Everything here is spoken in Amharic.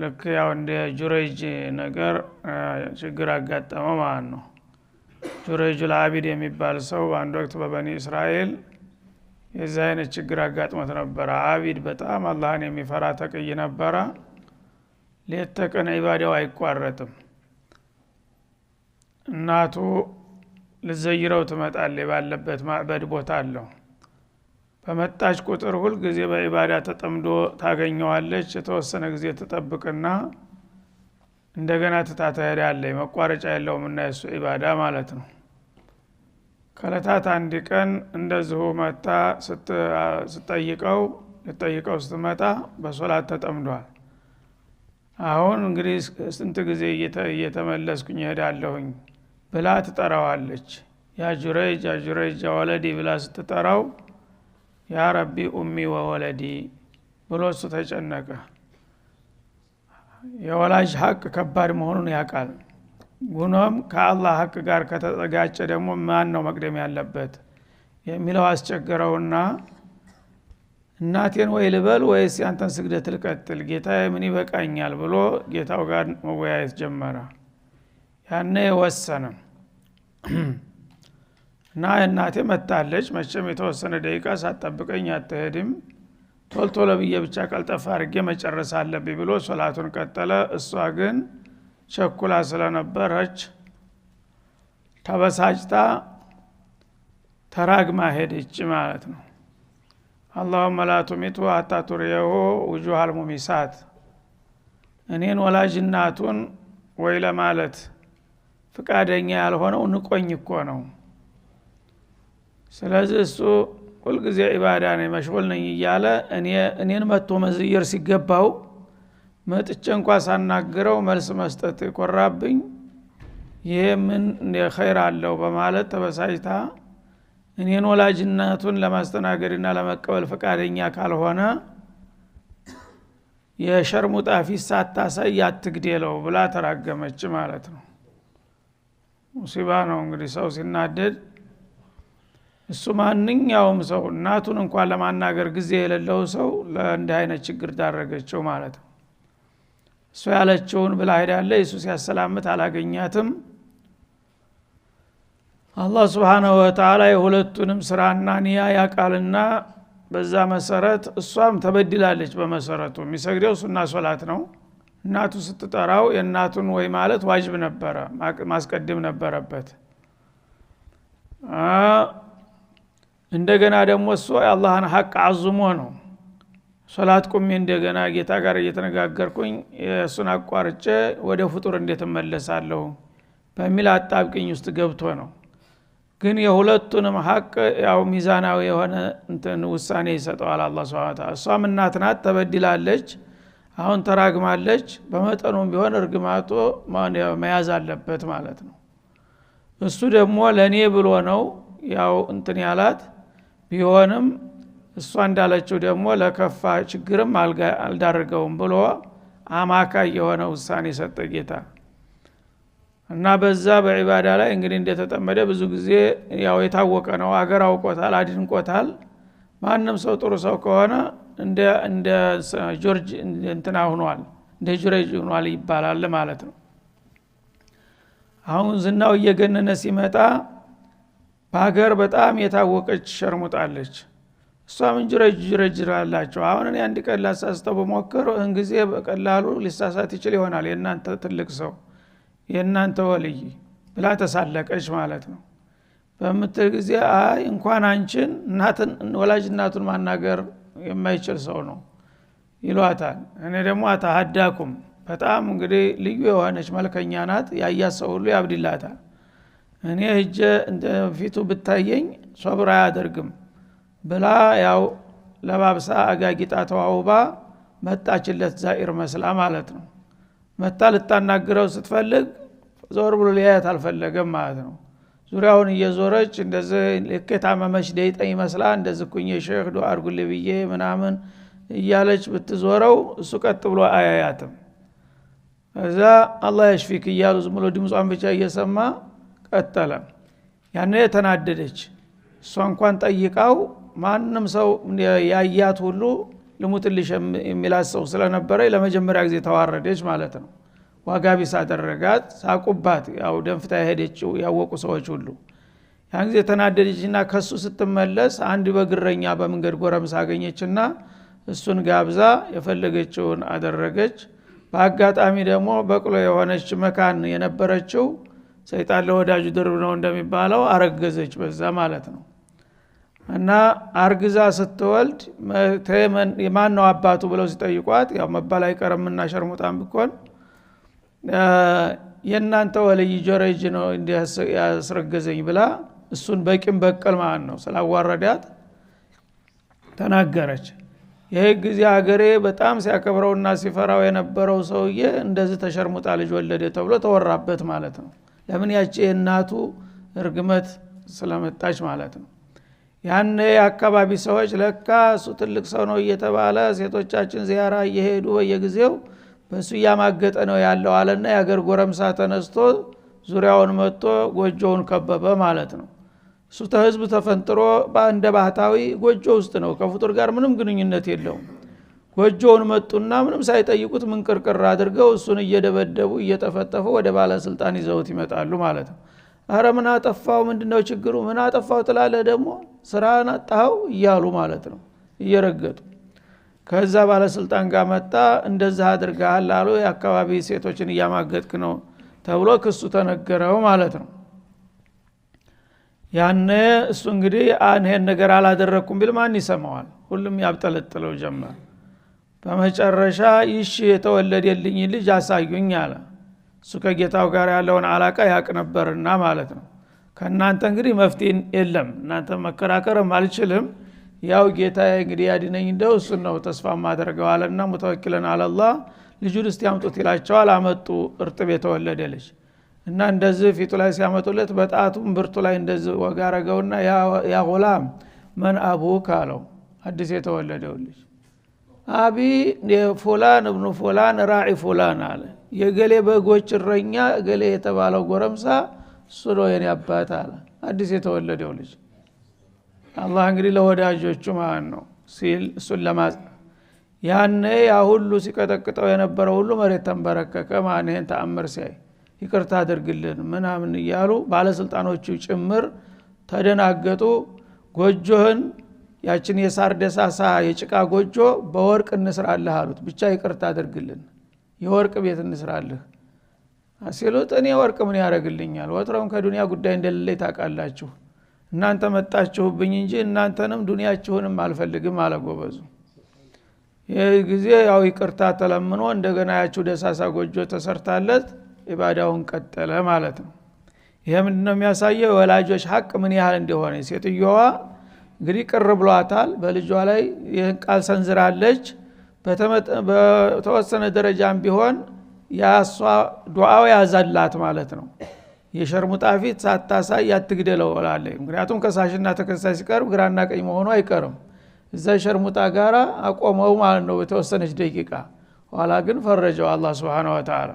ልክ ያው እንደ ጁረጅ ነገር ችግር አጋጠመው ማለት ነው። ጁረጁል ልአቢድ የሚባል ሰው በአንድ ወቅት በበኒ እስራኤል የዚህ አይነት ችግር አጋጥሞት ነበረ። አቢድ በጣም አላህን የሚፈራ ተቅይ ነበረ። ሌት ተቀን ኢባዳው አይቋረጥም። እናቱ ልዘይረው ትመጣል ባለበት ማዕበድ ቦታ አለው በመጣች ቁጥር ሁል ጊዜ በኢባዳ ተጠምዶ ታገኘዋለች። የተወሰነ ጊዜ ትጠብቅና እንደገና ትታተሄድ ትሄዳለች። መቋረጫ የለውም እና የሱ ኢባዳ ማለት ነው። ከለታት አንድ ቀን እንደዚሁ መታ ስጠይቀው ልጠይቀው ስትመጣ በሶላት ተጠምዷል። አሁን እንግዲህ ስንት ጊዜ እየተመለስኩኝ እሄዳለሁኝ ብላ ትጠራዋለች። ያ ጁረይጅ ያ ወለዲ ብላ ስትጠራው ያ ረቢ ኡሚ ወወለዲ ብሎ እሱ ተጨነቀ። የወላጅ ሀቅ ከባድ መሆኑን ያውቃል። ጉኖም ከአላህ ሀቅ ጋር ከተጠጋጨ ደግሞ ማን ነው መቅደም ያለበት የሚለው አስቸገረውና እናቴን ወይ ልበል ወይስ ያንተን ስግደት ልቀጥል? ጌታ ምን ይበቃኛል ብሎ ጌታው ጋር መወያየት ጀመረ። ያነ የወሰነ? እና እናቴ መታለች። መቼም የተወሰነ ደቂቃ ሳትጠብቀኝ አትሄድም። ቶልቶሎ ብዬ ብቻ ቀልጠፍ አድርጌ መጨረስ አለብኝ ብሎ ሶላቱን ቀጠለ። እሷ ግን ቸኩላ ስለነበረች ተበሳጭታ ተራግማ ሄደች ማለት ነው። አላሁመ ላ ቱሚቱ ሀታ ቱሪየሁ ውጁሃል ሙሚሳት እኔን ወላጅናቱን ወይ ለማለት ፍቃደኛ ያልሆነው ንቆኝ እኮ ነው ስለዚህ እሱ ሁልጊዜ ዒባዳ ነኝ መሽጉል ነኝ እያለ እኔን መጥቶ መዝየር ሲገባው መጥቼ እንኳ ሳናግረው መልስ መስጠት ቆራብኝ፣ ይሄ ምን ኸይር አለው በማለት ተበሳጅታ እኔን ወላጅነቱን ለማስተናገድና ለመቀበል ፈቃደኛ ካልሆነ የሸርሙ ፊት ሳታሳይ ያትግዴለው ብላ ተራገመች ማለት ነው። ሙሲባ ነው እንግዲህ ሰው ሲናደድ እሱ ማንኛውም ሰው እናቱን እንኳን ለማናገር ጊዜ የሌለው ሰው ለእንዲህ አይነት ችግር ዳረገችው ማለት ነው እሱ ያለችውን ብላ ሄዳለ ሱ ሲያሰላምት አላገኛትም አላህ ስብንሁ ወተላ የሁለቱንም ስራና ኒያ ያቃልና በዛ መሰረት እሷም ተበድላለች በመሰረቱ የሚሰግደው እሱና ሶላት ነው እናቱ ስትጠራው የእናቱን ወይ ማለት ዋጅብ ነበረ ማስቀድም ነበረበት እንደገና ደግሞ እሱ የአላህን ሀቅ አዙሞ ነው ሶላት ቁሜ እንደገና ጌታ ጋር እየተነጋገርኩኝ እሱን አቋርጨ ወደ ፍጡር እንዴት እመለሳለሁ በሚል አጣብቅኝ ውስጥ ገብቶ ነው ግን የሁለቱንም ሀቅ ያው ሚዛናዊ የሆነ እንትን ውሳኔ ይሰጠዋል አላ ስ እሷም እናት ናት ተበድላለች አሁን ተራግማለች በመጠኑም ቢሆን እርግማቶ መያዝ አለበት ማለት ነው እሱ ደግሞ ለእኔ ብሎ ነው ያው እንትን ያላት ቢሆንም እሷ እንዳለችው ደግሞ ለከፋ ችግርም አልዳረገውም ብሎ አማካይ የሆነ ውሳኔ ሰጠ ጌታ እና በዛ በዒባዳ ላይ እንግዲህ እንደተጠመደ ብዙ ጊዜ ያው የታወቀ ነው። አገር አውቆታል፣ አድንቆታል። ማንም ሰው ጥሩ ሰው ከሆነ እንደ ጆርጅ እንትና ሁኗል፣ እንደ ጆርጅ ሁኗል ይባላል ማለት ነው። አሁን ዝናው እየገነነ ሲመጣ በሀገር በጣም የታወቀች ሸርሙጣለች። እሷም ምን ጅረጅ አሁን እኔ አንድ ቀን ላሳስተው በሞከር እህን ጊዜ በቀላሉ ሊሳሳት ይችል ይሆናል የእናንተ ትልቅ ሰው የእናንተ ወልይ ብላ ተሳለቀች ማለት ነው። በምትል ጊዜ አይ እንኳን አንቺን እናትን ወላጅ እናቱን ማናገር የማይችል ሰው ነው ይሏታል። እኔ ደግሞ አታሀዳኩም በጣም እንግዲህ ልዩ የሆነች መልከኛ ናት። ያያት ሰው ሁሉ ያብድላታል። እኔ ህጀ ፊቱ ብታየኝ ሶብር አያደርግም ብላ ያው ለባብሳ አጋጊጣ ተዋውባ መጣችለት ዛኢር መስላ ማለት ነው መታ ልታናግረው ስትፈልግ ዞር ብሎ ሊያየት አልፈለገም ማለት ነው ዙሪያውን እየዞረች እንደዚህ ልክ የታመመች ደይጠኝ መስላ እንደዚህ ኩኝ ሼህ ዱ አርጉል ብዬ ምናምን እያለች ብትዞረው እሱ ቀጥ ብሎ አያያትም እዛ አላህ ያሽፊክ እያሉ ዝም ብሎ ድምጿን ብቻ እየሰማ ቀጠለ ያነ የተናደደች እሷ እንኳን ጠይቃው ማንም ሰው ያያት ሁሉ ልሙትልሽ የሚላት ሰው ስለነበረ ለመጀመሪያ ጊዜ ተዋረደች ማለት ነው። ዋጋቢ ሳደረጋት አደረጋት፣ ሳቁባት። ያው ደንፍታ ሄደችው ያወቁ ሰዎች ሁሉ ያን ጊዜ ና ከሱ ስትመለስ አንድ በግረኛ በመንገድ ጎረምሳ አገኘችና እሱን ጋብዛ የፈለገችውን አደረገች። በአጋጣሚ ደግሞ በቅሎ የሆነች መካን የነበረችው ሰይጣን ለወዳጁ ድርብ ነው እንደሚባለው አረገዘች በዛ ማለት ነው እና አርግዛ ስትወልድ ማን ነው አባቱ ብለው ሲጠይቋት ያው መባላይ ቀረምና ሸርሙጣን ብኮን የእናንተ ወልይ ጆረጅ ነው እንዲያስረገዘኝ ብላ እሱን በቂም በቀል ማለት ነው ስላዋረዳት ተናገረች ይህ ጊዜ አገሬ በጣም ሲያከብረውና ሲፈራው የነበረው ሰውዬ እንደዚህ ተሸርሙጣ ልጅ ወለደ ተብሎ ተወራበት ማለት ነው ለምን ያቺ የእናቱ እርግመት ስለመጣች ማለት ነው ያነ የአካባቢ ሰዎች ለካ እሱ ትልቅ ሰው ነው እየተባለ ሴቶቻችን ዚያራ እየሄዱ በየጊዜው በእሱ እያማገጠ ነው ያለው አለና የአገር ጎረምሳ ተነስቶ ዙሪያውን መጥቶ ጎጆውን ከበበ ማለት ነው እሱ ተህዝብ ተፈንጥሮ እንደ ባህታዊ ጎጆ ውስጥ ነው ከፍጡር ጋር ምንም ግንኙነት የለውም ጎጆውን መጡና ምንም ሳይጠይቁት ምንቅርቅር አድርገው እሱን እየደበደቡ እየጠፈጠፉ ወደ ባለስልጣን ይዘውት ይመጣሉ ማለት ነው። አረ ምን አጠፋው? ምንድነው ችግሩ? ምን አጠፋው ትላለህ ደግሞ ስራ ናጣኸው እያሉ ማለት ነው፣ እየረገጡ ከዛ ባለስልጣን ጋር መጣ። እንደዛ አድርገሃል ላሉ የአካባቢ ሴቶችን እያማገጥክ ነው ተብሎ ክሱ ተነገረው ማለት ነው። ያነ እሱ እንግዲህ ይሄን ነገር አላደረግኩም ቢል ማን ይሰማዋል? ሁሉም ያብጠለጥለው ጀመር። በመጨረሻ ይሽ የተወለደልኝ ልጅ አሳዩኝ አለ እሱ ከጌታው ጋር ያለውን አላቃ ያቅ ነበርና ማለት ነው ከእናንተ እንግዲህ መፍትን የለም እናንተ መከራከርም አልችልም ያው ጌታ እንግዲህ ያድነኝ እንደ እሱን ነው ተስፋ ማደርገው ና ሙተወኪለን አለላ ልጁን እስቲ ያምጡት ይላቸዋል አመጡ እርጥብ የተወለደ ልጅ እና እንደዚህ ፊቱ ላይ ሲያመጡለት በጣቱም ብርቱ ላይ እንደዚህ ወጋረገውና ያ ሆላም መን አቡክ አለው አዲስ የተወለደው ልጅ አቢ ፎላን እብኑ ፎላን ራዒ ፎላን አለ። የገሌ በጎች እረኛ ገሌ የተባለው ጎረምሳ እሱ ነው የኔ አባት አለ። አዲስ የተወለደው ልጅ አላህ እንግዲህ ለወዳጆቹ ማን ነው ሲል እሱን ለማጽ ያነ ያ ሁሉ ሲቀጠቅጠው የነበረው ሁሉ መሬት ተንበረከከ። ማን ይህን ተአምር ሲያይ ይቅርታ አድርግልን ምናምን እያሉ ባለስልጣኖቹ ጭምር ተደናገጡ። ጎጆህን ያችን የሳር ደሳሳ የጭቃ ጎጆ በወርቅ እንስራለህ አሉት። ብቻ ይቅርታ አድርግልን፣ የወርቅ ቤት እንስራለህ ሲሉት እኔ ወርቅ ምን ያደረግልኛል? ወትሮም ከዱንያ ጉዳይ እንደሌለ ታውቃላችሁ። እናንተ መጣችሁብኝ እንጂ እናንተንም ዱኒያችሁንም አልፈልግም አለጎበዙ ይህ ጊዜ ያው ይቅርታ ተለምኖ እንደገና ያችሁ ደሳሳ ጎጆ ተሰርታለት ኢባዳውን ቀጠለ ማለት ነው። ይህ ምንድነው የሚያሳየው? የወላጆች ሀቅ ምን ያህል እንደሆነ ሴትዮዋ እንግዲህ ቅር ብሏታል። በልጇ ላይ ይህን ቃል ሰንዝራለች። በተወሰነ ደረጃም ቢሆን ያሷ ዱዓው ያዛላት ማለት ነው። የሸርሙጣ ፊት ሳታሳይ አትግደለው እላለች። ምክንያቱም ከሳሽና ተከሳሽ ሲቀርብ ግራና ቀኝ መሆኑ አይቀርም። እዛ ሸርሙጣ ጋራ አቆመው ማለት ነው በተወሰነች ደቂቃ። ኋላ ግን ፈረጀው አላ ስብን ወተዓላ